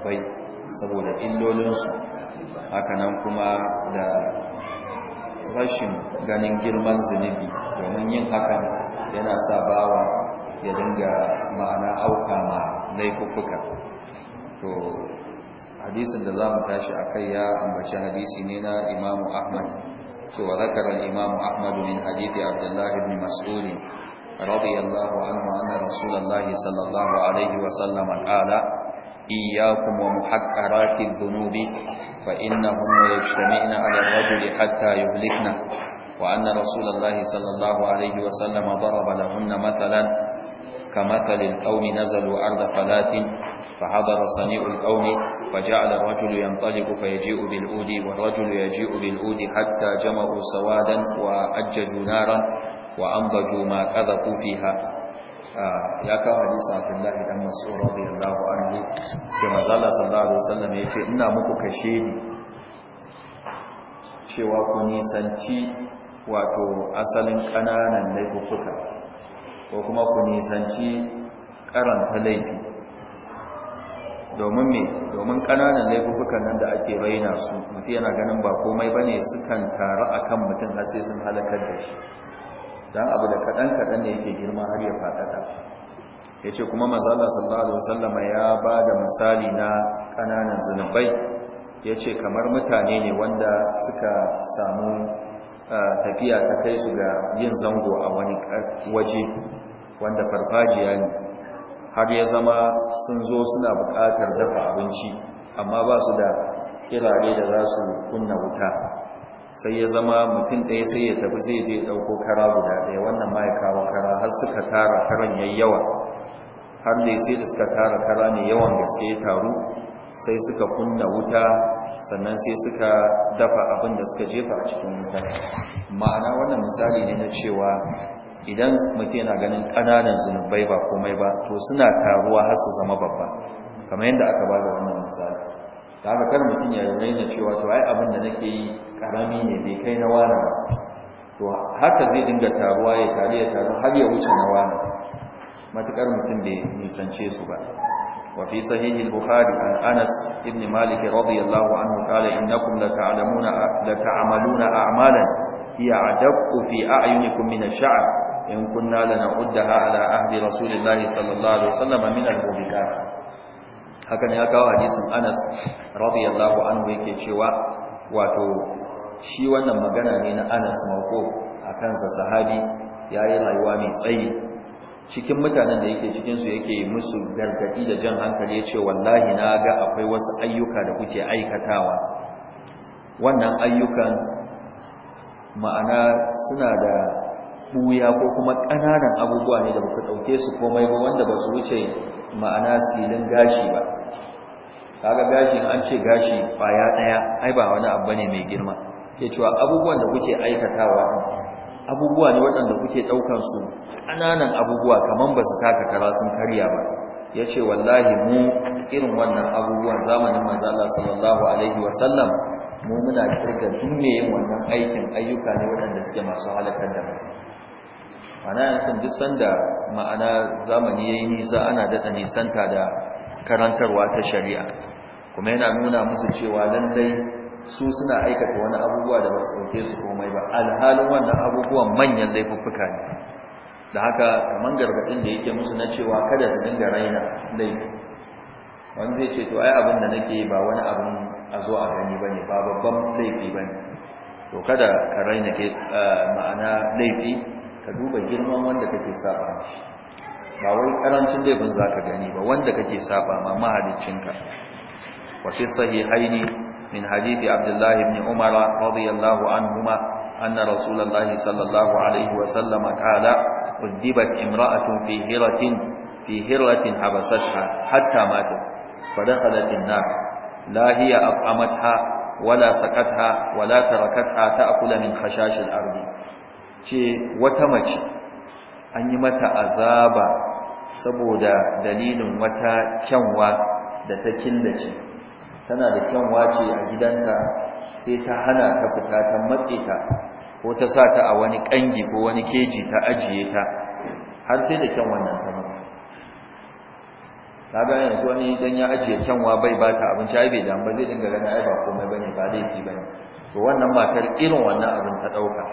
sahabbai saboda illolinsu hakanan kuma da rashin ganin girman zunubi domin yin hakan yana sa bawa ya dinga ma'ana auka ma laifuka. to hadisin da za mu tashi a kai ya ambaci hadisi ne na imamu ahmad to wa zakarar imamu ahmad min hadithi abdullahi ibn mas'udin رضي الله عنه أن رسول الله صلى الله عليه وسلم قال إياكم ومحقرات الذنوب فإنهم يجتمعن على الرجل حتى يهلكن وأن رسول الله صلى الله عليه وسلم ضرب لهن مثلا كمثل القوم نزلوا أرض فلات فحضر صنيع القوم فجعل الرجل ينطلق فيجيء بالأود والرجل يجيء بالأود حتى جمعوا سوادا وأججوا نارا وأنضجوا ما كذبوا فيها ya kawo hadisa abdullahi dan ku an yi ke mazala Allah sallallahu alaihi wasallam ya ce ina muku kashedi cewa ku nisanci wato asalin kananan laifuka ko kuma ku nisanci karanta laifi domin me domin kananan laifukan nan da ake raina su mutum yana ganin ba komai bane sukan taru akan mutum har sai sun halakar da shi dan abu da kaɗan-kaɗan ne yake girma har ya fadada yace kuma mazala sallallahu alaihi wasallam ya ba da misali na ƙananan zunubai ya ce kamar mutane ne wanda suka samu tafiya ta kai su ga yin zango a wani waje wanda farfajiya ne har ya zama sun zo suna buƙatar dafa abinci amma ba su da kirare da za su kunna wuta sai ya zama mutum ɗaya sai ya tafi sai je ɗauko kara guda ɗaya wannan ma ya kawo kara har suka tara karan yayi yawa har ne sai da suka tara kara ne yawan gaske ya taru sai suka kunna wuta sannan sai suka dafa abin da suka jefa a cikin wuta ma'ana wannan misali ne na cewa idan mutum yana ganin ƙananan zunubai ba komai ba to suna taruwa har su zama babba kamar yadda aka ba da wannan misali ta mutum ya raina cewa to ai abin da nake yi karami ne bai kai na wani ba to haka zai dinga taruwa ya tare ya taru har ya wuce na wani matukar mutum bai nisance su ba wa fi sahihi al-bukhari an anas ibn malik radiyallahu anhu qala innakum la ta'lamuna la ta'maluna a'malan hiya adabu fi a'yunikum min ash-sha'r in kunna lana uddaha ala ahdi rasulillahi sallallahu alaihi wasallam min al Hakan ya kawo hadisin Anas radiyallahu anhu yake cewa wato shi wannan magana ne na Anas mako akan sa sahabi yayi rayuwa mai tsayi cikin mutanen da yake cikin su yake musu gargadi da jan hankali yace wallahi na ga akwai wasu ayyuka da kuke aikatawa wannan ayyukan ma'ana suna da buya ko kuma ƙananan abubuwa ne da kuka dauke su komai ba wanda ba su wuce ma'ana silin gashi ba kaga gashin an ce gashi kwaya daya ai ba wani abu ne mai girma ke cewa abubuwan da kuke aikatawa abubuwa ne waɗanda kuke ɗaukan su ƙananan abubuwa kamar ba su taka kara sun karya ba ya ce wallahi mu irin wannan abubuwan zamanin mazala sallallahu alaihi wa sallam. mu muna kirga duk yin wannan aikin ayyuka ne waɗanda suke masu halakar da mutum ana yankin duk sanda ma'ana zamani ya yi nisa ana daɗa nisanta da karantarwa ta shari'a kuma yana nuna musu cewa lallai su suna aikata wani abubuwa da basu dauke su komai ba alhalin wannan abubuwan manyan laifuffuka ne da haka kamar gargaɗin da yake musu na cewa kada su dinga raina laifi wani zai ce to ai abin da nake ba wani abin a zo a gani ba ne ba babban laifi ba ne to kada ka raina ke ma'ana laifi ka duba girman wanda kake saba shi ba wai karancin laifin za ka gani ba wanda kake saba ma ka. وفي الصحيحين من حديث عبد الله بن عمر رضي الله عنهما أن رسول الله صلى الله عليه وسلم قال أذبت امرأة في هرة في هرة حبستها حتى ماتت فدخلت النار لا هي أطعمتها ولا سقتها ولا تركتها تأكل من خشاش الأرض شيء وتمشي أن يمت أزابا saboda dalilin wata kyanwa da ta killace tana da kyanwa ce a gidanta sai ta hana ta fita ta matse ta ko ta sa ta a wani kangi ko wani keji ta ajiye ta har sai da kyan wannan ta matse bayan su wani idan ya ajiye kyanwa bai ba ta abinci ai bai dan ba zai dinga ganin ai ba komai bane ba laifi bane to wannan matar irin wannan abin ta dauka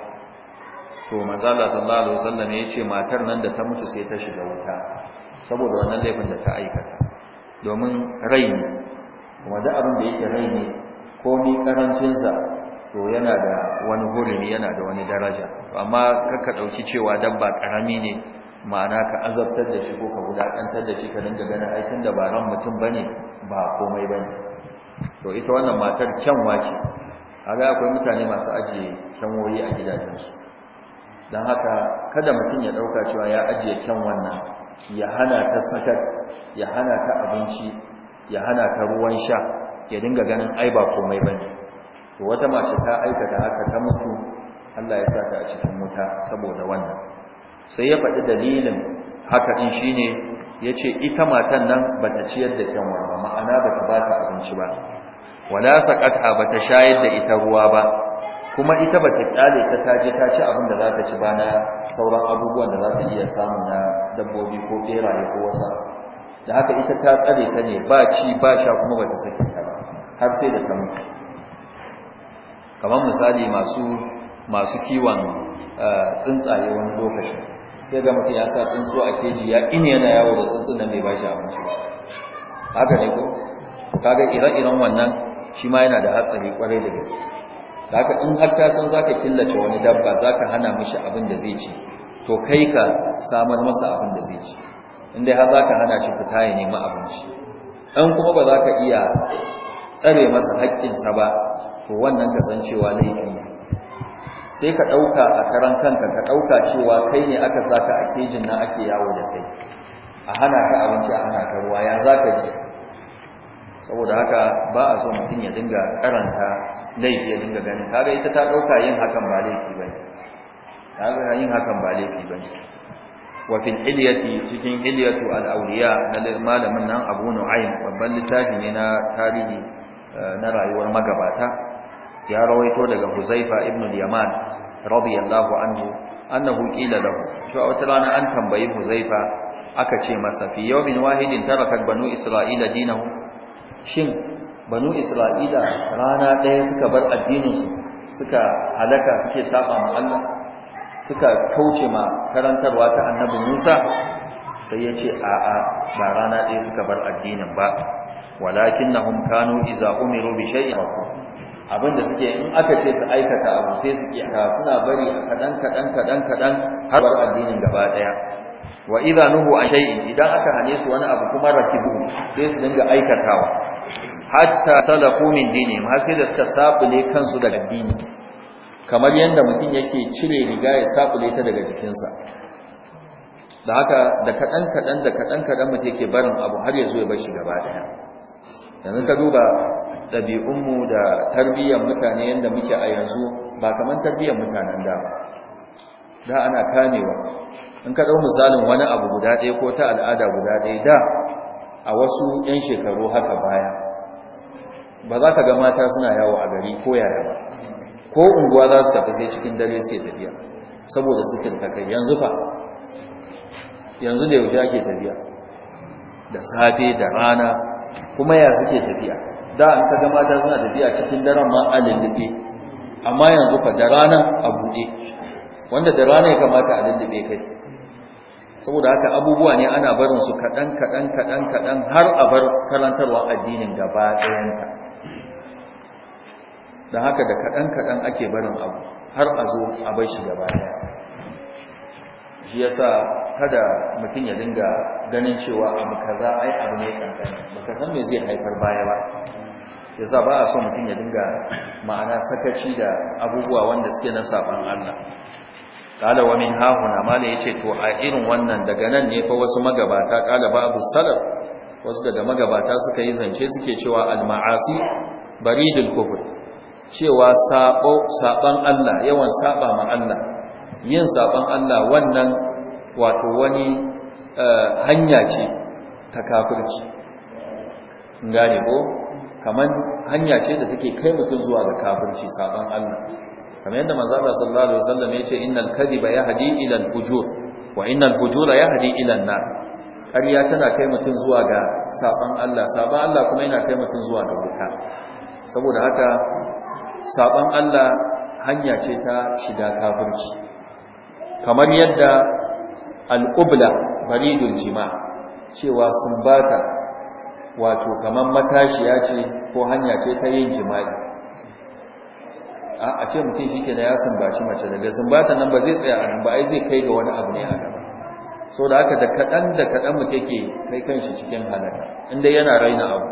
to manzo Allah sallallahu alaihi wasallam ya ce matar nan da ta mutu sai ta shiga wuta saboda wannan laifin da ta aikata domin rai kuma da abin da yake rai ne ko ni karancinsa to yana da wani hurumi yana da wani daraja amma kakka ɗauki cewa dabba karami ne ma'ana ka azabtar da shi ko ka gudakantar da shi ka dinga ganin aikin da ba ran mutum bane ba komai bane to ita wannan matar kyanwa ce kaga akwai mutane masu ajiye kyanwoyi a gidajensu don haka kada mutum ya ɗauka cewa ya ajiye kyan wannan ya hana ta sakar ya hana ta abinci ya hana ta ruwan sha ya dinga ganin ai ba komai bane to wata mace ta aikata haka ta mutu Allah ya sa ta a cikin wuta saboda wannan sai ya faɗi dalilin haka din shine yace ita matan nan ba ta ciyar da kyanwa ba ma'ana ta ba ta abinci ba wala ba ta shayar da ita ruwa ba kuma ita ba ta kyale ta taje ta ci abin da za ta ci ba na sauran abubuwan da za ta iya samu na dabbobi ko ɗera ko wasa da haka ita ta tsare ta ne ba ci ba sha kuma ba ta sake ta ba har sai da ta mutu kamar misali masu masu kiwon eh, tsuntsaye wani lokacin sai ga mutum ya sa tsuntsu a keji ya ina yana yawo da tsuntsu nan bai ba shi abinci haka ne ko kaga ire-iren wannan shi ma yana da hatsari kwarai da gaske da haka in har ka san ka killace wani dabba za ka hana mishi abin da zai ci to kai ka samar masa abin da zai ci in dai har za ka hana shi fita ya nemi abinci ɗan kuma ba za ka iya tsare masa haƙƙinsa ba to wannan kasancewa ne. sai ka ɗauka a karan kanka ka ɗauka cewa kai ne aka saka a kejin nan ake yawo da kai a hana ka abinci a hana ka ruwa ya za ji saboda haka ba a so mutum ya dinga karanta laifi ya dinga ganin kaga ita ta ɗauka yin hakan ba laifi ba ne yin hakan ba laifi ba ne Wafin fil cikin hilyatu al awliya na malamin nan Abu Nu'aym babban littafi ne na tarihi eh, na rayuwar magabata ya rawaito daga Huzaifa ibn al-Yaman radiyallahu anhu annahu qila lahu to wata rana an tambayi Huzaifa aka ce masa fi yawmin wahidin tarakar banu Isra'ila dinahu shin banu Isra'ila rana ɗaya suka bar addininsu suka halaka suke saba ma suka kauce ma karantarwa ta annabi Musa sai ya ce a'a ba rana ɗaya suka bar addinin ba Walakin walakinnahum kanu iza umiru bi ku. abinda suke in aka ce su aikata abu sai su ta suna bari a kadan kadan kadan kadan har bar addinin gaba ɗaya. wa iza nuhu an shayi idan aka hane su wani abu kuma rakibu sai su dinga aikatawa hatta salaku min dinihim har sai da suka sabule kansu daga addini kamar yadda mutum yake cire riga ya sakule ta daga jikinsa da haka da kaɗan kaɗan da kaɗan kaɗan mutum yake barin abu har ya zo ya bar shi gaba ɗaya yanzu ka duba ɗabi'unmu da tarbiyyar mutane yadda muke a yanzu ba kamar tarbiyyar mutanen da da ana kamewa in ka ɗau misalin wani abu guda ɗaya ko ta al'ada guda ɗaya da a wasu 'yan shekaru haka baya ba za ka ga mata suna yawo a gari ko yaya ba ko unguwa za su tafi sai cikin dare suke tafiya saboda zikin ta kai yanzu fa yanzu da yaushe ake tafiya da safe da rana kuma ya suke tafiya da an kaga mata suna tafiya cikin daren ma a lullube amma yanzu fa da rana a buɗe wanda da rana ya kamata a lullube kai saboda haka abubuwa ne ana barin su kaɗan kaɗan kaɗan kaɗan har a bar karantarwa addinin gaba ɗayanta don haka da kaɗan-kaɗan ake barin abu har a zo a bai shi gaba ɗaya shi yasa kada mutum ya dinga ganin cewa abu kaza yi abu ne kankani baka san mai zai haifar baya ba Ya yasa ba a so mutum ya dinga ma'ana sakaci da abubuwa wanda suke na saban Allah kala wa min hahuna mala yace to a irin wannan daga nan ne fa wasu magabata ba abu salaf wasu daga magabata suka yi zance suke cewa al ma'asi baridul kufr cewa saban Allah yawan saba ma Allah yin saban Allah wannan wato wani eh, hanya ce ta kafirci gane ko kaman hanya ce da take kai mutum zuwa ga kafirci saban Allah kamar yadda manzo Allah sallallahu alaihi wasallam yace innal ba yahdi ila al-fujur wa innal fujura yahdi ila an-nar ƙarya tana kai mutum zuwa ga saban Allah saban Allah kuma yana kai mutum zuwa ga wuta saboda haka saban Allah hanya ce ta shiga kafirci kamar yadda al'ubla baridul jima cewa sumbata wato kamar matashiya ce ko hanya ce ta yin jima'i a ce mutum shi ke da ya sumbaci mace daga sumbata nan ba zai tsaya a nan ba ai zai kai ga wani abu ne a ba. so da haka da kaɗan da kaɗan mu take kai kanshi cikin halaka inda yana raina abu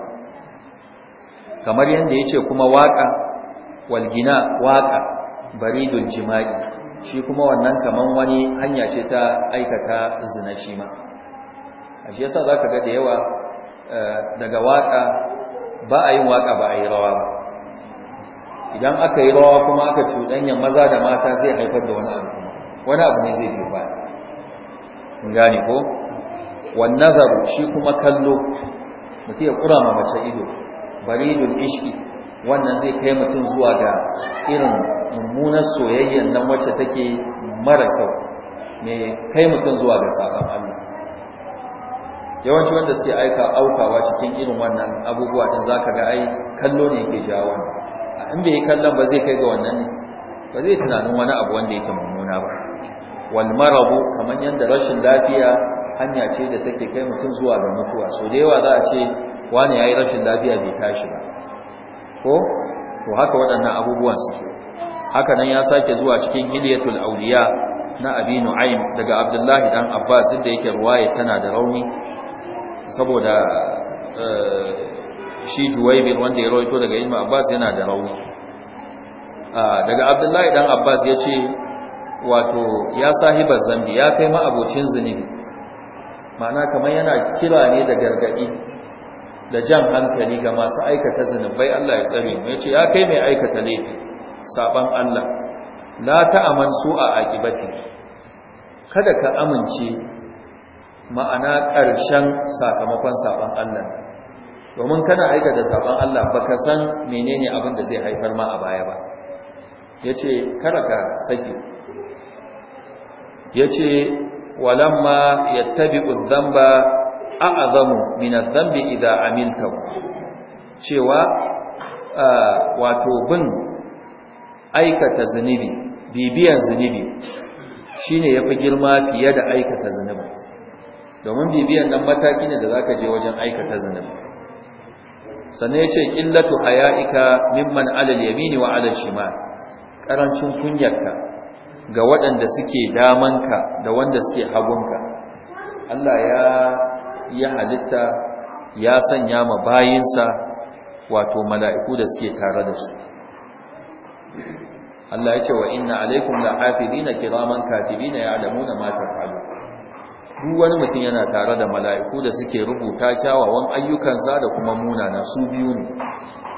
kamar yadda ya ce kuma waƙa walgina waka baridul jima'i shi kuma wannan kaman wani hanya ce ta aikata zina shi ma a shi yasa zaka ga da yawa eh, daga waka ba a yin waka ba a yi rawa ba idan aka yi rawa kuma aka cuɗanya maza da mata zai haifar da wani abu wani abu ne zai biyu kun gane ko wannan shi kuma kallo mutiya ya ƙura ma mace ido baridul ishki wannan zai kai mutum zuwa ga irin mummunar soyayyen nan wacce take mara kyau mai kai mutum zuwa ga sakon Allah yawanci wanda suke aika aukawa cikin irin wannan abubuwa din zaka ga ai kallo ne yake jawo in bai kallon ba zai kai ga wannan ba zai tunanin wani abu wanda yake mummuna ba wal marabu kamar yanda rashin lafiya hanya ce da take kai mutum zuwa ga mutuwa so da yawa za a ce wani yayi rashin lafiya bai tashi ba ko to haka waɗannan abubuwan suke haka nan ya sake zuwa cikin hilyatul auliya na abi nu'aym daga abdullahi dan abbas da yake ruwaya tana da rauni saboda eh, shi juwaybir wanda ya rawaito daga imam abbas yana da rauni ah, daga abdullahi dan abbas yace wato ya sahibar zambi ya kai ma abocin zunubi ma'ana kamar yana kira ne da gargadi da jan hankali ga masu aikata zinubai Allah ya tsare mu yace ya kai mai aikata laifi saban Allah la ta'aman a aqibati kada ka amince ma'ana ƙarshen sakamakon saban Allah domin kana aikata saban Allah baka san menene abin da zai haifar ma a baya ba yace kada ka saki yace walamma yattabi'u dhanba a'azamu min adh-dhanbi idha amilta cewa wato bin aikata zunubi bibiyan zunubi shine yafi girma fiye da aikata zunubi domin bibiyan nan mataki ne da zaka je wajen aikata zunubi sanne yace qillatu haya'ika mimman 'ala al-yamini wa 'ala al-shimal karancin kunyarka ga waɗanda suke damanka da wanda suke hagunka Allah ya ya halitta ya sanya ma bayinsa wato mala'iku da suke tare da su Allah ya ce wa inna alaikum la'afidina kiraman katibina ya'lamuna ma halu. duk wani mutum yana tare da mala'iku da suke rubuta kyawawan ayyukansa da kuma munana su biyu ne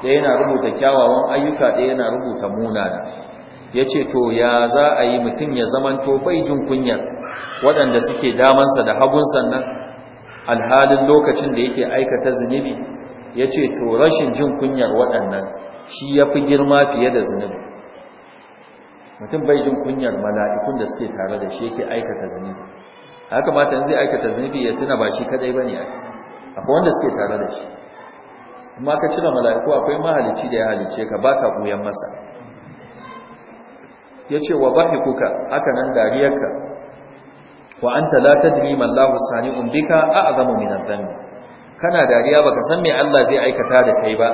ɗaya yana rubuta kyawawan ayyuka ɗaya yana rubuta munana ya ce to ya za a yi mutum ya zamanto bai jin kunyar waɗanda suke damansa da hagunsa nan alhalin lokacin da yake aikata zunubi ya ce to rashin jin kunyar waɗannan shi ya fi girma fiye da zunubi mutum bai jin kunyar mala'ikun da suke tare da shi yake aikata zunubi haka mata zai aikata zunubi ya tuna ba shi kadai ba ne akwai wanda suke tare da shi Kuma ka cire mala'iku akwai mahalicci da ya halice ka ba ka ɓuyan masa ya ce wa bahi kuka haka nan dariyarka wa anta la tadri ma Allahu sani'un bika a'zamu min adh-dhanbi kana dariya baka san me Allah zai aikata da kai ba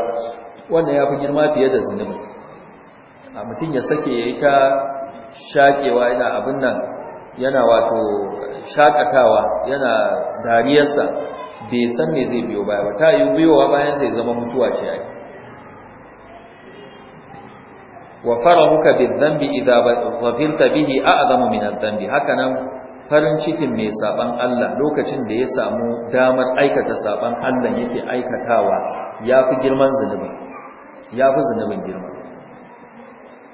wannan yafi girma fiye da zunubi a mutun ya sake yayi ta shakewa ina abin nan yana wato shakatawa yana dariyarsa bai san me zai biyo ba ta yi biyowa bayan sai zama mutuwa ce ai wa farahuka dhanbi idza ghafilta bihi a'zamu min adh haka nan. farin cikin mai saban Allah lokacin da ya samu damar aikata saban Allah yake aikatawa ya fi girman zunubi ya fi zunubin girma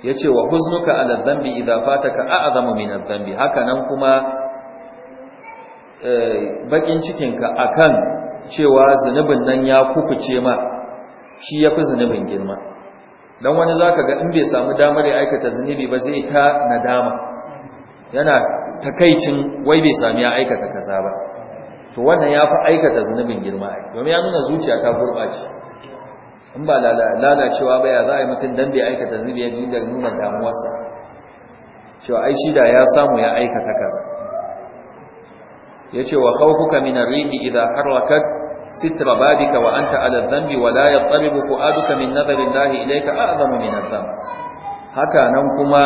ya ce wa huznuka ala zambi idan fataka a azamu min zambi haka nan kuma eh, bakin cikinka akan cewa zunubin nan ya kukuce ma shi ya fi zunubin girma don wani za ka ga in bai samu damar ya aikata zunubi ba zai ta nadama yana takaicin wai bai sami ya aikata kaza ba to wannan ya fi aikata zunubin girma domin ya nuna zuciya ta gurɓace in ba lalacewa ba ya za a yi mutum don bai aikata zunubi ya dinga nuna damuwarsa cewa ai ya samu ya aikata kaza yace wa kuka min ar idan har wakar sitra babika wa anta ala dhanbi wa la ko aduka min lahi ilaika ilayka a'zamu min adh haka nan kuma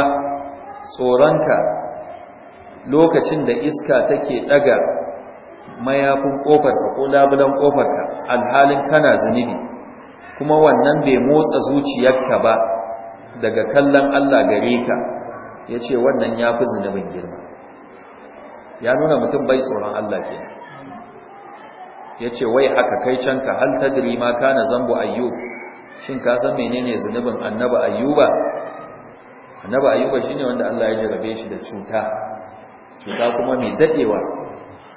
tsoronka lokacin da iska take daga mayafin kofarka ko labulan kofarka alhalin kana zunubi kuma wannan bai motsa zuciyarka ba daga kallon Allah gare ka ya wannan ya zunubin girma ya nuna mutum bai tsoron Allah ke ya wai haka kai canka hal tadri ma kana zambo ayyub shin ka san menene zunubin annaba ayyuba annaba ayyuba shine wanda Allah ya jarabe shi da cuta cuta kuma mai daɗewa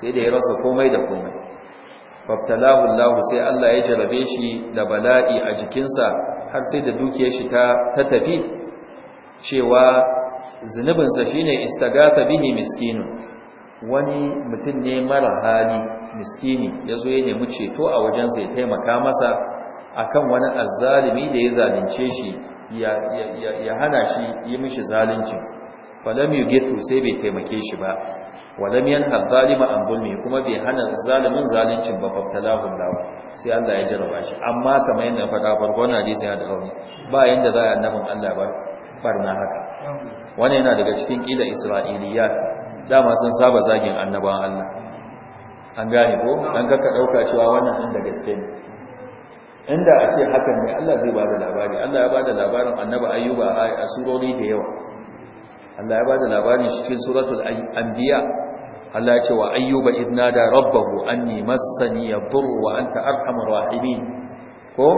sai da ya rasa komai da komai fabtalahu Allah sai Allah ya jarabe shi da bala'i a jikinsa har sai da dukiyar shi ta tafi cewa zunubinsa shine istagata bihi miskinu wani mutum ne mara hali miskini Ya zo ya nemi ceto a wajensa ya taimaka masa akan wani azalimi da ya zalunce shi ya hana shi yi mishi zalunci falam yugithu sai bai taimake shi ba walam yanha zalima an zulmi kuma bai hana zalimin zalincin ba fabtalahu lawa sai Allah ya jarraba shi amma kamar yadda faɗa farko na hadisi ya da rauni ba yanda za a annabin Allah ba barna haka wannan yana daga cikin kila isra'iliyat dama sun saba zagin annabawan Allah an gane ko dan kaka dauka cewa wannan din da gaske ne inda a ce hakan ne Allah zai bada labari Allah ya bada labarin annabi ayyuba a surori da yawa Allah ya ba da labarin shi cikin suratul anbiya Allah ya ce wa ayyuba idna da rabbahu anni massani yadur wa anta arhamur rahimin ko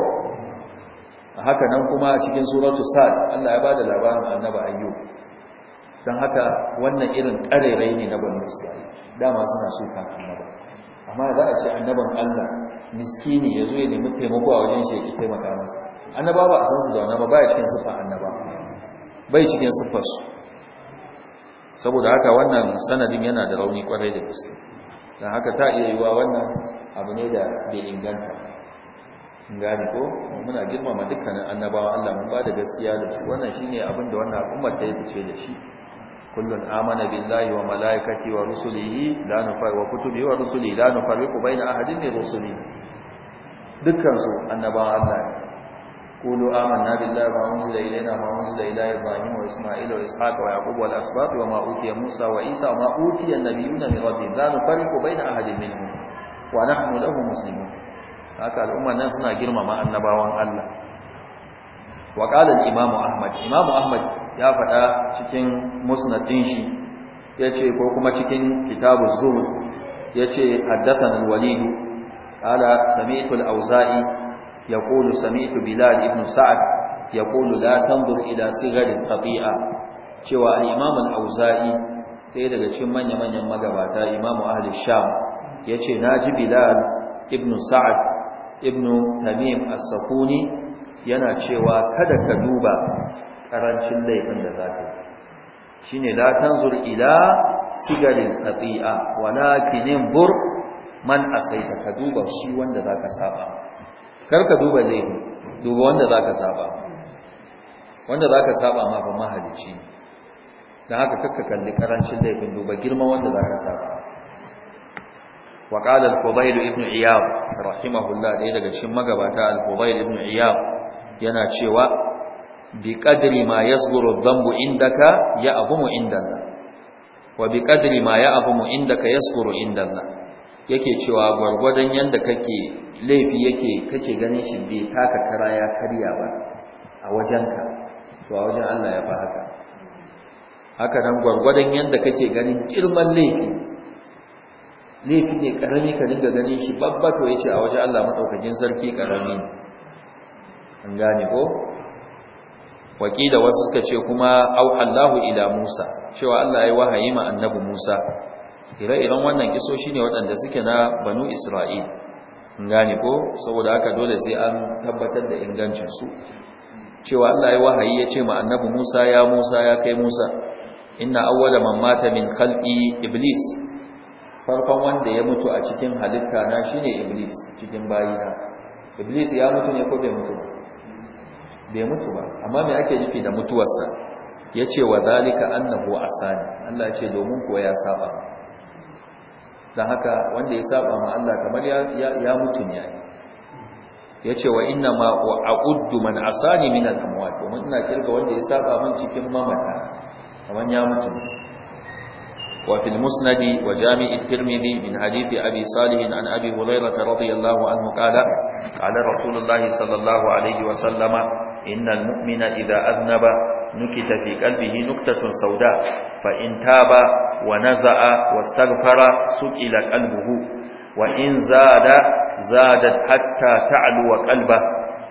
haka nan kuma cikin suratul sad Allah ya ba da labarin annabi ayyub dan haka wannan irin karerai ne na banu isra'ila dama suna sukan annabi amma za a ce annaban Allah miskini yazo ya nemi taimako a wajen shi ya taimaka masa annaba ba a san su da wannan ba ya cikin sifa annaba bai cikin su. saboda haka wannan sanadin yana da rauni kwarai da gaske don haka ta iya yiwa wannan abu ne da bai inganta gani ko muna girmama dukkanin annabawa Allah mun ba da gaskiya da su wannan shi ne abinda wannan al'ummar ta yi fice da shi kullum amana billahi wa malaikati wa rusulihi la nufar wa kutubi wa rusulihi la nufarriqu baina ahadin ne rusuli dukkan su annabawa Allah ne قولوا آمنا بالله وما أنزل إلينا وما أنزل إلى إبراهيم وإسماعيل وإسحاق ويعقوب والأسباط وما na موسى وعيسى وما أوتي النبيون من ربهم لا نفرق بين أحد منهم ونحن له مسلمون haka al'umma nan suna girmama annabawan Allah wa Imam al-imamu ahmad imamu ahmad ya faɗa cikin musnadin shi yace ko kuma cikin kitabu zuhud yace haddathana al-walid qala sami'tu يقول سمعت بلال ابن سعد يقول لا تنظر إلى صغر cewa al-Imam al-Auza'i ɗaya daga cikin manya-manyan magabata Imam Ahli Sham yace naji Bilal ibn Sa'ad ibn Tamim as-Sakuni yana cewa kada ka duba karancin laifin da zaka yi shine la tanzur ila sigarin qati'a walakin bur man asaita ka duba shi wanda zaka saba karka duba laifi duba wanda za ka saba wanda za ka saba ma ba mahalici don haka kakka kalli karancin laifin duba girma wanda za ka saba وقال الفضيل ابن عياض رحمه الله ɗaya daga cikin magabata al-Fudail ibn Iyad yana cewa bi qadri ma yasghuru adh-dhanbu indaka ya'zumu indallah wa bi qadri ma ya'zumu indaka yasghuru indallah yake cewa gwargwadon yanda kake laifi yake kake ganin shi bai taka kara ya karya ba a wajenka to a wajen Allah ya fa haka haka nan gwargwadon yanda kake ganin girman laifi laifi ne karami ka dinga ganin shi babba to yace a wajen Allah madaukakin sarki karami an gane ko da wasu suka ce kuma au Allahu ila Musa cewa Allah ya wahayi ma annabi Musa ire-iren wannan kiso shine waɗanda suke na banu Isra'il gane ko saboda haka dole sai an tabbatar da ingancinsu cewa Allah ya wahayi ya ce ma annabi Musa ya Musa ya kai Musa inna awwala man mata min khalqi iblis farkon wanda ya mutu a cikin halitta na shine iblis cikin bayina iblis ya mutu ne ko bai mutu ba bai mutu ba amma me ake nufi da mutuwarsa yace wa zalika annahu asani Allah ya ce domin ko ya saba don haka wanda ya saba ma Allah kamar ya mutu ya ce wa ina ma a a sani asani min al'amuwa domin ina kirga wanda ya saba mun cikin mamata kamar ya mutu وفي المسند وجامع الترمذي من حديث أبي صالح عن أبي هريرة رضي الله عنه قال قال رسول الله صلى الله عليه وسلم إن المؤمن إذا أذنب nukita fi qalbihi nuktatun sauda fa in taba wa naza'a wastaghfara suqila qalbuhu wa in zada zadat hatta ta'lu wa qalba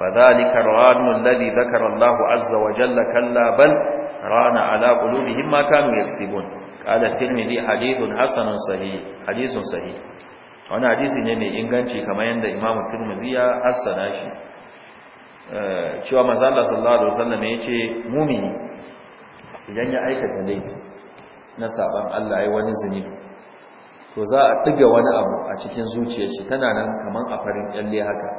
fadhalika ar-ranu alladhi dhakara Allahu 'azza wa jalla kalla bal rana 'ala qulubihim ma kanu yaksibun qala tirmidhi hadithun hasanun sahih hadithun sahih wannan hadisi ne mai inganci kamar yadda imamu tirmidhi ya hasana shi Eh, cewa mazala sallallahu alaihi wasallam yace mumini idan ya aikata laifi na saban Allah ya wani zunubi to za a tuga wani abu a cikin zuciyar shi tana nan kaman a farin kyalle haka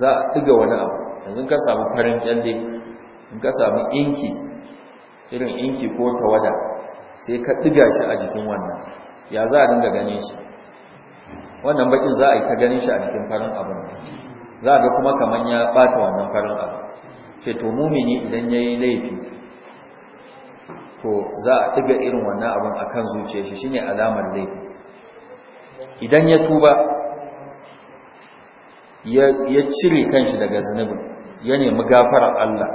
za a tuga wani abu yanzu ka samu farin kyalle in ka samu inki irin inki ko tawada sai ka diga shi a jikin wannan ya za a dinga ganin shi wannan bakin za a yi ta ganin shi a jikin farin abin za a ga kuma kaman ya ɓata wannan farin abu ce to mumini idan yayi laifi to za a ɗiga irin wannan abin akan zuciyar shi shi ne alamar laifi idan ya tuba ya cire cire kanshi daga zunubin ya nemi gafarar Allah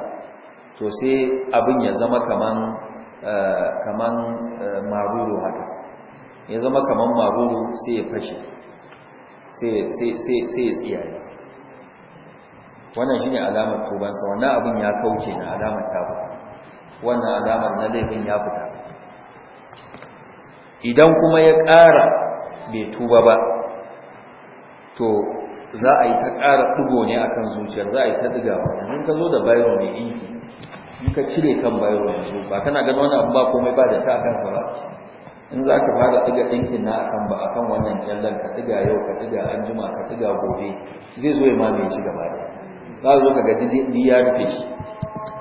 to sai abin ya zama kaman eh, eh, maruru haka ya zama kaman maruru sai ya fashe sai ya tsiyaye wannan shine alamar tuban sa, wannan abin ya kauce na alamar ta wannan alamar na laifin ya fita idan kuma ya ƙara bai tuba ba to za a yi ta ƙara ɗigo ne akan zuciyar za a yi ta ba, in ka zo da bayro mai inki in ka cire kan bayro yanzu ba kana ganin wani abu ba komai ba da ta akan sa ba in za ka fara ɗiga ɗinkin na akan ba akan wannan kyallan ka ɗiga yau ka ɗiga anjima ka ɗiga gobe zai zo ya mai ci gaba da za zo ka gaji dai ya rufe shi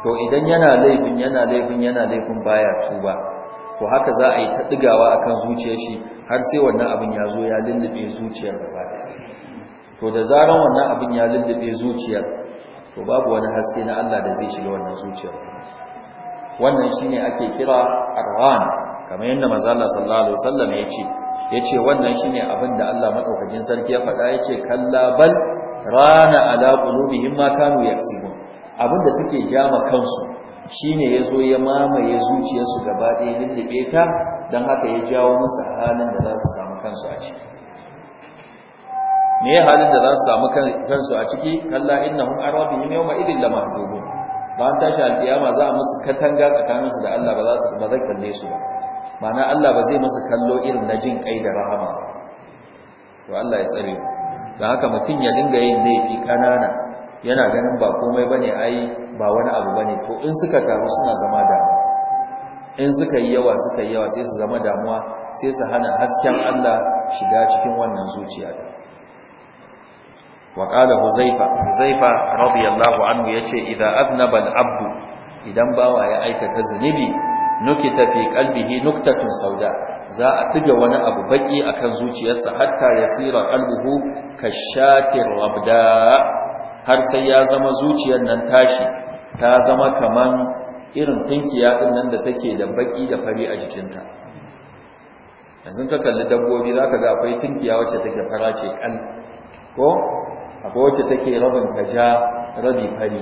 to idan yana laifin yana laifin yana laifin baya tuba to haka za a yi ta digawa akan zuciyar shi har sai wannan abin ya zo ya lullube zuciyar gaba to da zaran wannan abin ya lullube zuciyar to babu wani haske na Allah da zai shiga wannan zuciyar wannan shine ake kira arwan kamar yadda manzo Allah sallallahu alaihi ya ce yace wannan shine abin da Allah madaukakin sarki ya faɗa yace kalla bal rana ala qulubihim ma kanu yaksibun abinda suke jama kansu shine yazo ya mamaye zuciyarsu gaba ɗaya lullube ta dan haka ya jawo musu halin da za su samu kansu a ciki me halin da za su samu kansu a ciki kalla innahum arabihim yawma idin la mahjubun ba tashi alkiyama za a musu katanga tsakaninsu da Allah ba za su ba zai kalle su ba ma'ana Allah ba zai musu kallo irin na jin kai da rahama to Allah ya tsare mu da haka mutum ya dinga yin laifi ƙanana yana ganin ba komai ba ne ai ba wani abu ba ne, to in suka karu suna zama damuwa in suka yi yawa suka yi yawa sai su zama damuwa sai su hana hasken Allah shiga cikin wannan zuciya wa وقال huzaifa huzaifa radiyallahu anhu yace idan adnaba al-abd idan bawa ya aikata zunubi nukita fi qalbihi nuktatun sauda za a ɗiga wani abu baƙi a kan zuciyarsa hatta ya tsira ƙalbuhu ka shatir rabda har sai ya zama zuciyar nan tashi ta zama kaman irin tunkiya ɗin nan da take da baƙi da fari a jikinta yanzu ka kalli dabbobi za ka ga akwai tunkiya wacce take fara ce ƙan, ko akwai wacce take rabin ka ja rabi fari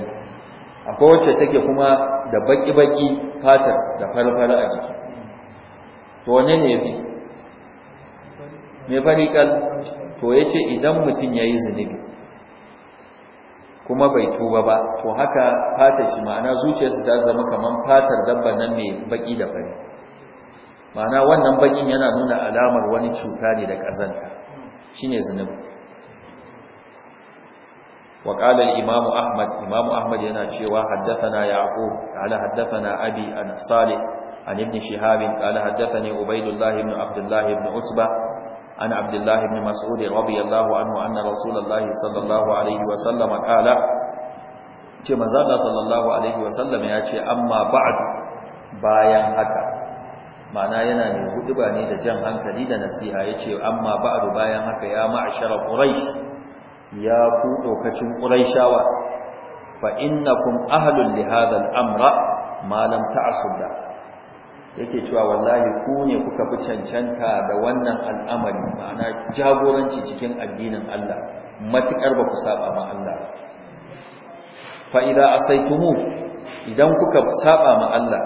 akwai wacce take kuma da baƙi-baƙi fatar da farfara a jiki to wane ne yafi mai farikal to ce idan mutum ya yi zunubi kuma bai tuba ba to haka fata shi ma'ana zuciyarsa ta zama kamar fatar dabba nan mai baki da fari ma'ana wannan bakin yana nuna alamar wani cuta ne da kazanta ne zunubi وقال الإمام أحمد إمام أحمد ينشي وحدثنا يعقوب على حدثنا أبي أن صالح عن ابن شهاب قال حدثني عبيد الله بن عبد الله بن عتبة عن عبد الله بن مسعود رضي الله عنه أن رسول الله صلى الله عليه وسلم قال كما زال صلى الله عليه وسلم يأتي أما بعد bayan haka ma'ana yana ne hudu ne da jan hankali da nasiha ya ce amma ba'adu bayan haka ya ma'ashara ƙuraish ya ku ɗaukacin ƙuraishawa fa innakum ahlul li hadha al-amra ma lam ta'sul yake cewa wallahi ku ne kuka fi cancanta da wannan al'amari ma'ana jagoranci cikin addinin Allah matukar ba ku saba ma Allah fa idza asaytumu idan kuka saba ma Allah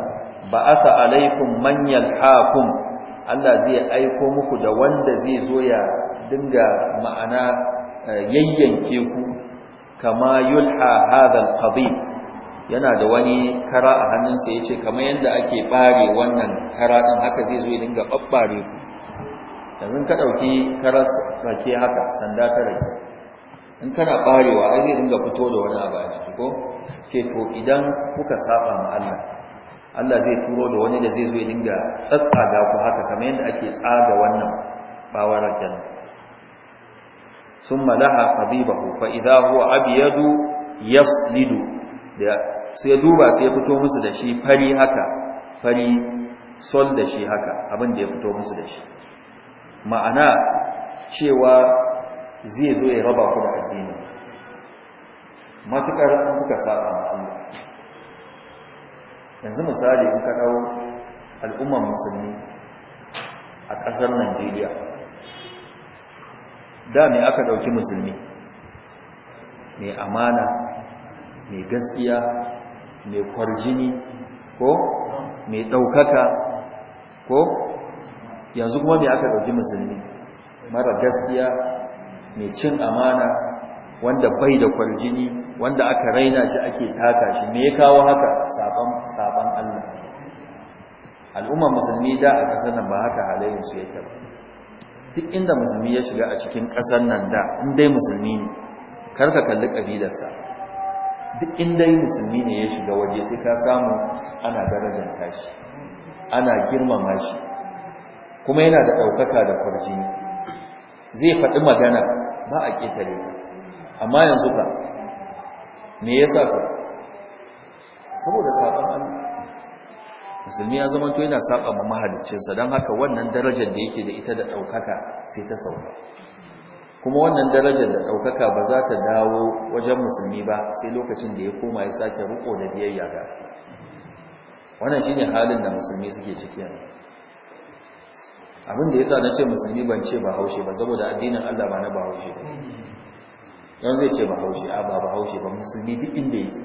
ba'atha alaikun manyan yalhaqum Allah zai aiko muku da wanda zai zo ya dinga ma'ana eh, yayyanke ku kama yulha hadha al yana da wani kara a hannunsa ya ce kamar yadda ake ɓare wannan kara ɗin haka zai zo ya dinga ɓaɓɓare ku yanzu ka ɗauki kara rake haka sanda ta rake in kana ɓarewa ai zai dinga fito da wani abu a ciki ko Ke to idan kuka saba ma Allah Allah zai turo da wani da zai zo ya dinga tsatsaga ku haka kamar yadda ake tsaga wannan bawar raken Sun malaha habibahu fa هو أبيض يصلد sai duba sai ya fito musu da shi fari haka fari sol da shi haka abin da ya fito musu da shi ma'ana cewa zai zo ya raba ku da addini matukar an kuka saba ma Allah yanzu misali in ka dawo al'ummar musulmi a ƙasar Najeriya da me aka ɗauki musulmi mai amana mai gaskiya mai kwarjini ko mai ɗaukaka ko yanzu kuma mai aka ɗauki musulmi mara gaskiya mai cin amana wanda bai da kwarjini wanda aka raina shi ake taka shi me ya kawo haka saban Allah al'ummar musulmi da a ƙasar nan ba haka halayen su yake ba duk inda musulmi ya shiga a cikin ƙasar nan da in dai musulmi ne kar ka kalli ƙabilarsa duk inda yi musulmi ne ya shiga waje sai ka samu ana darajar tashi, ana girmama shi kuma yana da ɗaukaka da kwarji zai faɗi magana ba a ƙetare amma yanzu ka me ya sa ka saboda saɓon allah musulmi ya zama to yana saɓa ma mahaliccinsa don haka wannan darajar da yake da ita da ɗaukaka sai ta sauka kuma wannan darajar da ɗaukaka ba za ta dawo wajen musulmi ba sai lokacin da ya koma ya sake riko da biyayya ga wannan shine halin da musulmi suke ciki yanzu abinda yasa na ce musulmi ban ce ba haushe ba saboda addinin Allah ba na ba haushe ba zai ce ba haushe a ba ba haushe ba musulmi duk inda yake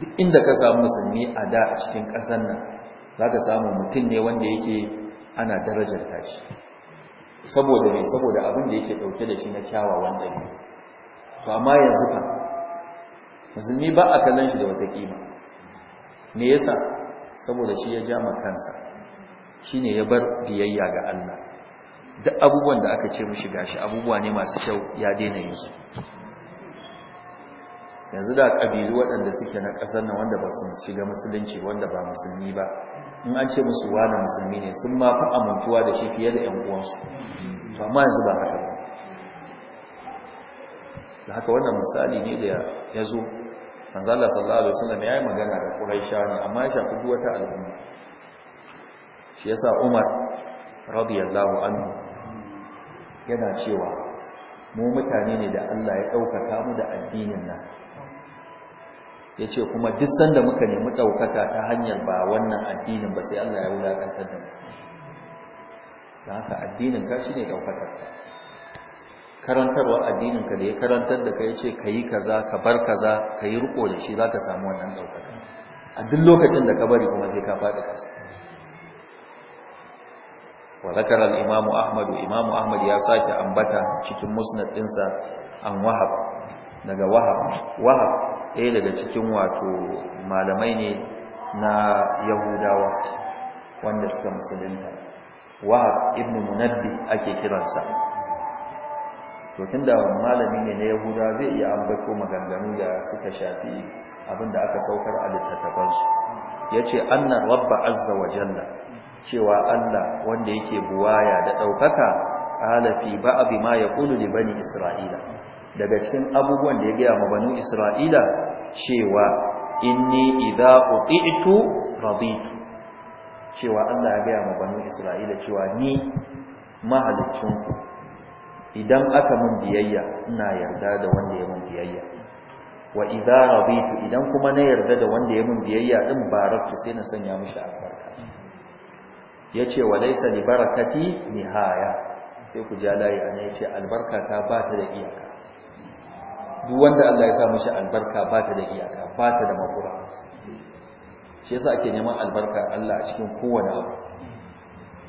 duk inda ka samu musulmi a da a cikin ƙasar nan za ka samu mutum ne wanda yake ana darajar tashi saboda ne saboda abin da yake dauke da shi na kyawawan dabi to amma yanzu fa musulmi ba a kallon shi da wata kima me yasa saboda shi ya ja ma kansa shi ne ya bar biyayya ga Allah duk abubuwan da aka ce mishi gashi abubuwa ne masu kyau ya daina yin su yanzu da ƙabilu waɗanda suke na ƙasar nan wanda ba su shiga musulunci wanda ba musulmi ba in an ce musu wani musulmi ne sun ma fi amintuwa da shi fiye da ‘yan uwansu to amma yanzu ba haka ba da haka wannan misali ne da ya zo manzala sallallahu alaihi wasallam ya yi magana da ƙurai ne amma ya shafi duk wata al'umma shi yasa umar radiyallahu anhu yana cewa mu mutane ne da Allah ya ɗaukaka mu da addinin nan ya ce kuma duk sanda muka nemi ɗaukaka ta hanyar ba wannan addinin ba sai Allah ya wulaƙantar da mu da haka addinin ka shi ne ɗaukakar ka karantarwa addinin ka da ya karantar da ka ya ce ka yi kaza ka bar kaza ka yi riko da shi za ka samu wannan ɗaukaka a duk lokacin da ka bari kuma sai ka faɗi ƙasa wa zakara al-imamu ahmad imamu ahmad ya sake ambata cikin musnad ɗinsa an wahab daga wahab wahab ɗaya daga cikin wato malamai ne na yahudawa wanda suka musulunta wa ibn munabbi ake kiransa to tunda malami ne na yahudawa zai iya ambato maganganu da suka shafi abinda aka saukar a su ya ce annan rabba azza wa jalla cewa allah wanda yake buwaya da ɗaukaka alafi ba abi ma ya ƙulu da bani isra'ila daga cikin abubuwan da ya gaya ma banu isra'ila cewa inni idza uti'tu raditu cewa Allah ya gaya ma Isra'ila cewa ni mahaliccinku idan aka mun biyayya ina yarda da wanda ya mun biyayya wa idza raditu idan kuma na yarda da wanda ya mun biyayya din barakatu sai na sanya mishi albarka yace wa laysa li barakati nihaya sai ku ja layi ana yace albarka ta ba ta da iyaka duk wanda Allah ya sa mishi albarka ba ta da iyaka ba ta da makura shi yasa ake neman albarka Allah a cikin kowane abu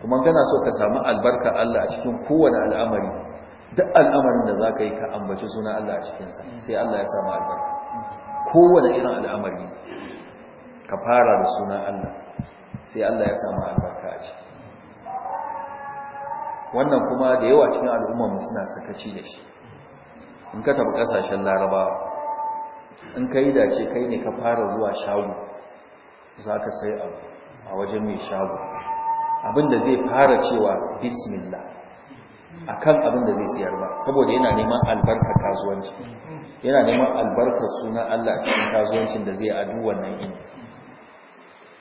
kuma kana so ka samu albarka Allah a cikin kowane al'amari duk al'amarin da za ka yi ka ambaci suna Allah a cikinsa sai Allah ya samu albarka kowane irin al'amari ka fara da sunan Allah sai Allah ya samu albarka a ciki wannan kuma da yawa cikin al'umma mu suna sakaci da shi in ka tafi kasashen laraba in ka yi dace kai ne ka fara zuwa shago za ka sai abu a wajen mai shago abinda zai fara cewa bismillah a abin da zai siyar ba saboda yana neman albarka kasuwanci yana neman albarkar suna Allah cikin kasuwancin da zai adu wannan ini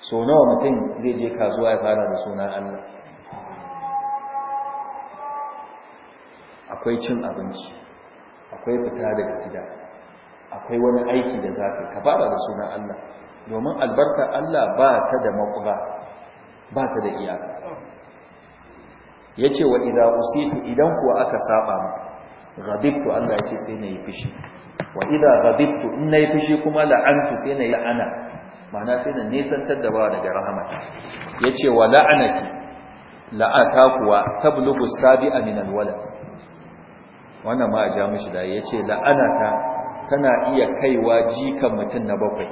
so nawa mutum zai je kasuwa ya fara da sunan Allah akwai cin abinci akwai fita daga gida akwai wani aiki da za ka fara da sunan Allah domin albarkar Allah ba ta da makura ba ta da iyaka ya ce wa idan usitu idan kuwa aka saba mu ghadibtu Allah ya ce sai na yi fushi wa idan ghadibtu in na yi fushi kuma la'antu sai na yi ana, ma'ana sai na nesantar da ba daga rahama ya ce wa la'anati la'ata kuwa tablugu sabi'a min alwala wannan ma a ja mishi da ya ce la'ana tana iya kaiwa jikan mutum na bakwai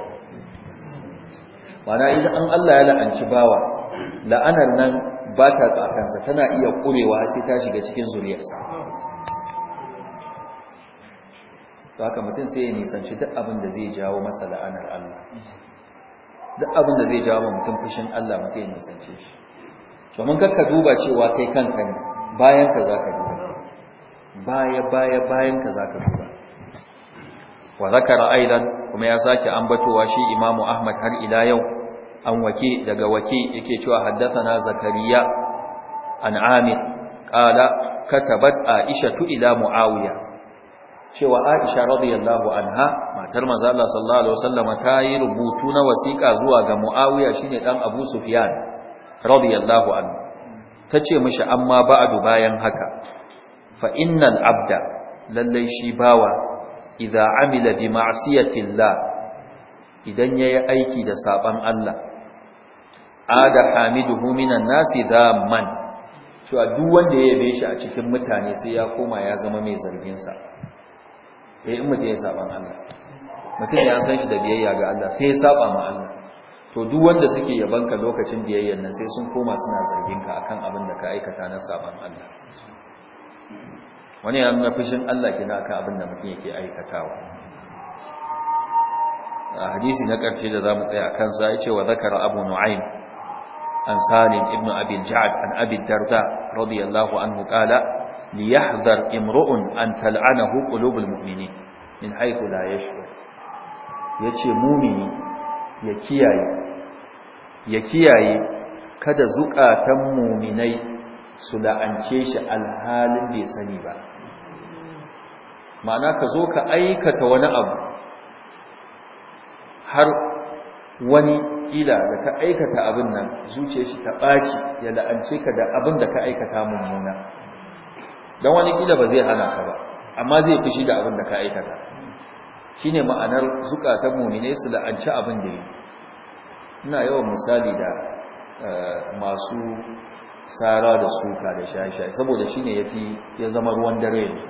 mana idan an Allah ya la'anci bawa la'anar nan ba ta tsakansa tana iya ƙurewa sai ta shiga cikin zuriyarsa to haka mutum sai ya nisanci duk abin da zai jawo masa la'anar Allah duk abin da zai jawo mutum fushin Allah mutum ya nisance shi ga kakka duba cewa kai kanka ne bayan ka za ka duba baya baya bayan ka zaka tura wa zakara aidan kuma ya sake ambatowa shi imamu ahmad har ila yau an waki daga waki yake cewa haddathana zakariya an amir qala katabat aisha tu ila muawiya cewa aisha radiyallahu anha matar manzo Allah sallallahu alaihi wasallam ta yi rubutu na wasiqa zuwa ga muawiya shine dan abu sufyan radiyallahu anhu tace mishi amma ba'du bayan haka fa innal abda lallai shi bawa idza amila bi ma'siyatillah idan yayi aiki da saban Allah ada hamiduhu minan nasi dhamman a duk wanda ya yabe shi a cikin mutane sai ya koma ya zama mai zargin sa sai eh, in mutum saban Allah mutum ya san shi da biyayya ga Allah sai ya saba ma Allah to duk wanda suke yabanka lokacin biyayyar nan sai sun koma suna zargin ka akan abin da ka aikata na saban Allah wani ya nuna fushin Allah gina aka abin da mutum yake aikatawa a hadisi na ƙarshe da za mu tsaya kansa ya ce wa zakar abu nu'aim an salim ibn Abin ja'ad an abi darda radiyallahu anhu qala ليحذر امرؤ أن تلعنه قلوب المؤمنين من حيث لا يشعر yace mumini ya kiyaye ya kiyaye kada zuƙatan muminai su la'ance shi alhalin bai sani ba ma'ana ka zo ka aikata wani abu har wani ila da ka aikata abin nan zuce shi ta ɓaci ya la'ance ka da abin da ka aikata mummuna don wani ila ba zai hana ka ba amma zai fushi da abin da ka aikata shi ne ma'anar zukatan mummune su la'ance abin da yi ina yawan misali da eh, masu sara da suka da shaye-shaye saboda shi ne ya zama ruwan dare yanzu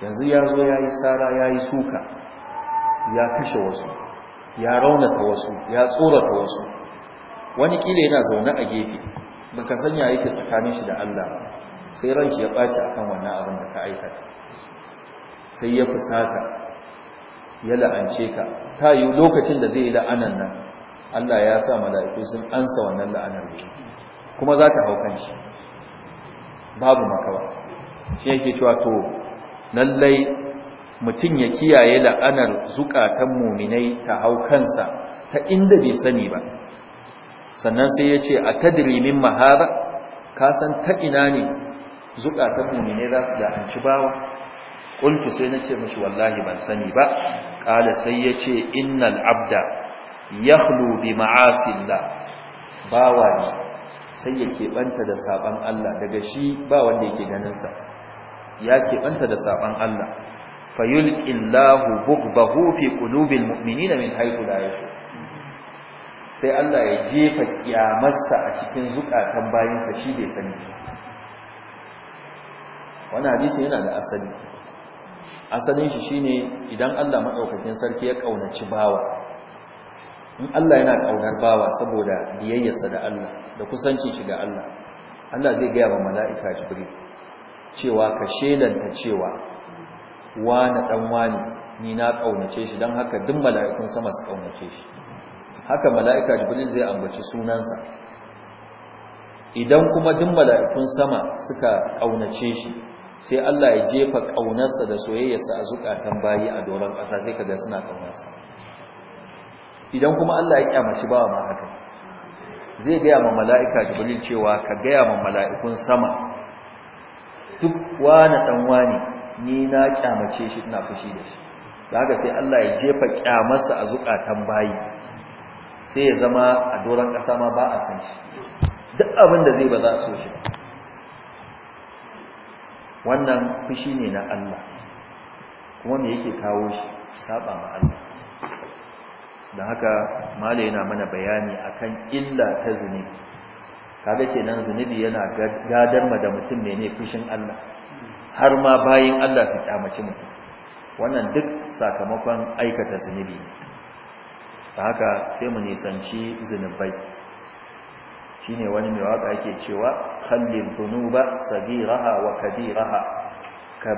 yanzu ya zo ya yi tsara ya yi suka ya kashe wasu ya raunata wasu ya tsorata wasu wani kila yana zaune a gefe baka san ya yake tsakanin shi da Allah sai ran shi ya a kan wannan abin da ka aikata sai ya fusata ya la'ance ka ta yi lokacin da zai yi la'anan nan Allah ya sa mala'iku sun ansa wannan la'anar da kuma za ta hau kanshi babu makawa shi yake cewa to lallai mutum ya kiyaye la'anar zukatan muminai ta hau kansa ta inda bai sani ba sannan sai ya ce a tadrimin mahara ka san ta ina ne zukatan muminai za su la'anci bawa ƙultu sai na ce mashi wallahi ban sani ba ƙala sai ya ce innal abda ya ma'asin ma'asillah bawa ne sai ya keɓanta da saban Allah daga shi ba wanda yake ganinsa ya keɓanta da saban Allah fayulqillahu bughdahu fi mumini da min da ya yashur sai Allah ya jefa ƙyamarsa a cikin zukatan bayansa shi bai sani Wani hadisi yana da asali asalin shi shine idan Allah maɗaukakin sarki ya ƙaunaci bawa in Allah yana kaunar bawa saboda biyayyarsa da Allah da kusancin shi ga Allah Allah zai gaya wa mala'ika jibril cewa ka shelanta cewa wani dan wani ni na kaunace shi don haka duk mala'ikun sama su kaunace shi haka mala'ika jibril zai ambaci sunansa idan kuma duk mala'ikun sama suka kaunace shi sai Allah ya jefa kaunarsa da soyayyarsa a zukatan bayi a doron ƙasa sai kaga suna kaunarsa idan kuma Allah ya kyamaci ba ma haka zai gaya ma mala'ika da jibril cewa ka gaya ma mala'ikun sama duk wani dan wani ni na kyamace shi na fushi da shi da haka sai Allah ya jefa kyamarsa a zukatan bayi sai ya zama a doron ƙasa ma ba a san shi duk abin da zai ba za a so shi ba wannan fushi ne na Allah kuma me yake kawo shi saba ma Allah don haka mala yana mana bayani akan illa ta zunubi kaga kenan zunubi yana gadar ma da mutum ne ne fushin Allah har ma bayin Allah su kyamaci mutum wannan duk sakamakon aikata zunubi ta haka sai mu nisanci zunubai shine wani mai waka yake cewa khallil dhunuba sagiraha wa kabiraha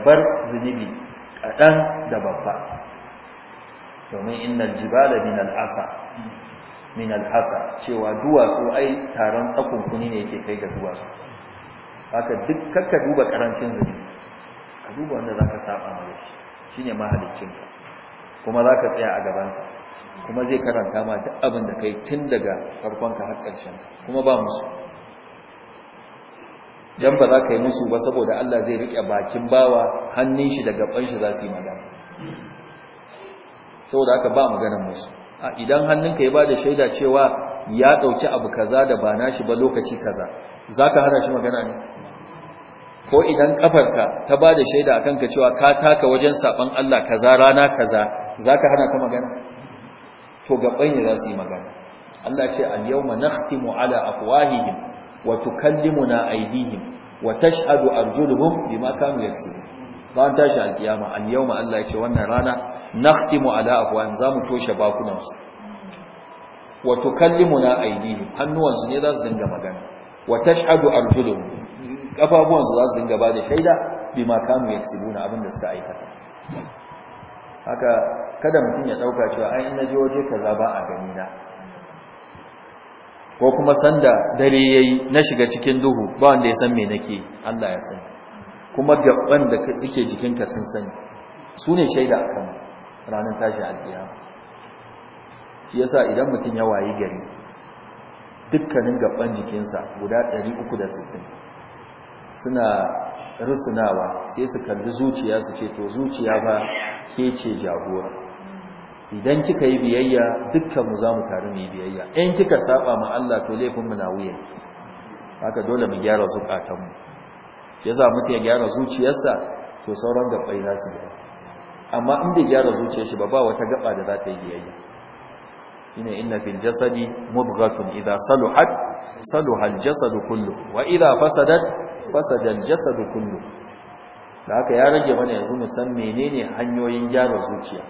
bar zunubi kaɗan da babba domin inda jibala min al-asa min al-asa cewa duwatsu ai taron tsakunkuni ne yake kai ga duwatsu haka duk kakka duba karancin zubi ka duba wanda zaka saba mai shine mahaliccin ka kuma zaka tsaya a gaban sa kuma zai karanta ma duk abin da kai tun daga farkon ka har karshen kuma ba musu dan ba za ka yi musu ba saboda Allah zai rike bakin bawa hannun shi da gaban shi za su yi magana saboda aka ba maganar musu idan hannunka ya ba da shaida cewa ya dauki abu kaza da ba nashi ba lokaci kaza zaka hana shi magana ne ko idan kafarka ta bada shaida akan ka cewa ka taka wajen saban Allah kaza rana kaza zaka hana ka magana to gaban ne za su yi magana Allah ce al-yawma nakhtimu ala afwahihim wa tukallimuna aydihim wa tashhadu arjuluhum bima kanu yaksubun bayan tashi alkiyama al yawma Allah ya ce wannan rana nakhtimu ala afwan zamu toshe bakunan su wa tukallimuna aydihim hannuwan su ne za su dinga magana wa tashhadu arjuluhum kafafuwan su za su dinga ba da shaida bima kanu abin abinda suka aikata haka kada mutum ya dauka cewa ai na je waje kaza ba a gani na ko kuma sanda dare yayi na shiga cikin duhu ba wanda ya san me nake Allah ya sani kuma gaban da suke jikinka sun sani su ne shaida a kan ranar tashi alƙiyama shi yasa idan mutum ya wayi gari dukkanin gaban jikinsa guda 360 suna rusunawa sai su kalli zuciya su ce to zuciya ba ke ce jagora idan kika yi biyayya dukkanmu za mu taru mu biyayya in kika saba ma Allah to laifinmu na wuyanki haka dole mu gyara zukatanmu ya yasa mutum ya gyara zuciyarsa to sauran gabbai za su gyara amma in bai gyara zuciyar shi ba ba wata gaba da za ta yi biyayya ina inna fil jasadi mudghatun idha saluhat saluha al jasadu kullu wa idha fasadat fasada al jasadu kullu da haka ya rage mana yanzu mu san menene hanyoyin gyara zuciya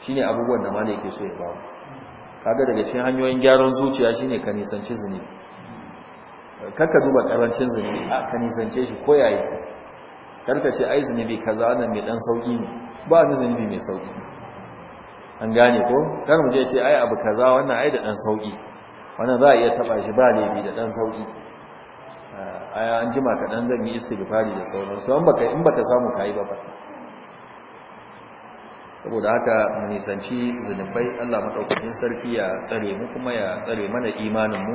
shine abubuwan da malaka ke so ya bawo kaga daga cikin hanyoyin gyaran zuciya shine ka nisanci zunubi kakka duba karancin zunubi a ka nisance shi ko ya yake karka ce ai zunubi kaza nan mai dan sauki ne ba wani zunubi mai sauki an gane ko kar mu je ce ai abu kaza wannan ai da dan sauki wannan za a iya taba shi ba laifi da dan sauki aya ah, an jima ka zan yi istighfari da sauransu an baka in baka samu kai ba ba saboda haka mu nisanci zunubai Allah madaukakin sarki ya tsare mu kuma ya tsare mana imanin mu